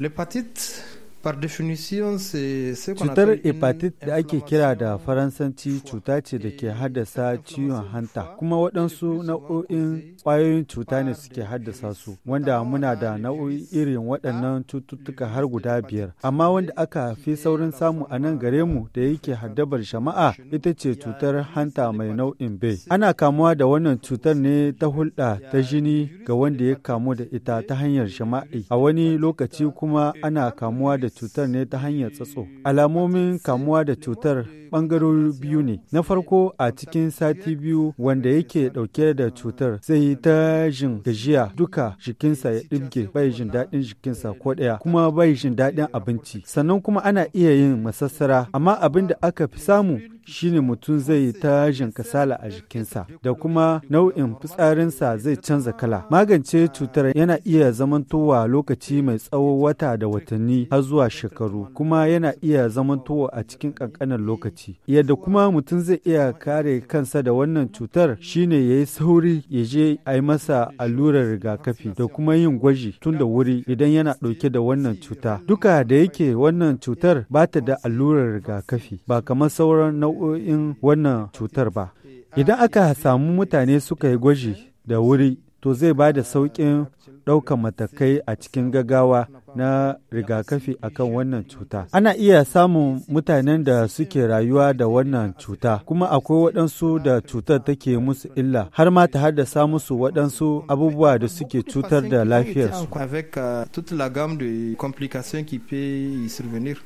l'hépatite Cutar hepatit da ake kira da faransanci cuta ce da ke haddasa ciwon hanta kuma waɗansu nau'o'in ƙwayoyin cuta ne suke haddasa su wanda muna da nau'o'i irin waɗannan cututtuka har guda biyar amma wanda aka fi saurin samu a nan gare mu da yake haddabar shama'a, ita ce cutar hanta mai nau'in B. Ana kamuwa da wannan cutar ne ta hulɗa ta jini ga wanda ya kamu da ita ta hanyar shama'i, a wani lokaci kuma ana kamuwa da cutar ne ta hanyar tsatso. Alamomin kamuwa da cutar ɓangarori biyu ne. Na farko a cikin sati biyu wanda yake ɗauke da cutar sai yi ta jin gajiya duka jikinsa ya ɗibge bai jin daɗin jikinsa ko ɗaya kuma bai jin daɗin abinci. Sannan kuma ana iya yin masassara amma abin da aka fi samu shine mutum zai ta tajin kasala a jikinsa da kuma nau'in fitsarinsa zai canza kala. Magance cutar yana iya zamantowa lokaci mai tsawo wata da watanni har zuwa shekaru kuma yana iya zamantowa a cikin ƙanƙanin lokaci. Yadda kuma mutum zai iya kare kansa da wannan cutar shine ya yi sauri ya je a yi masa allurar rigakafi da kuma yin gwaji tun da wuri idan yana ɗauke da wannan cuta. Duka da yake wannan cutar ba ta da allurar rigakafi ba kamar sauran nau'in nau'o'in wannan cutar ba. Idan aka samu mutane suka yi gwaji da wuri, to zai ba da sauƙin ɗaukar matakai a cikin gaggawa na rigakafi akan wannan cuta. Ana iya samun mutanen da suke rayuwa da wannan cuta, kuma akwai waɗansu da cutar take musu illa, har ma ta haddasa musu waɗansu abubuwa da suke cutar da lafiyarsu. Euh,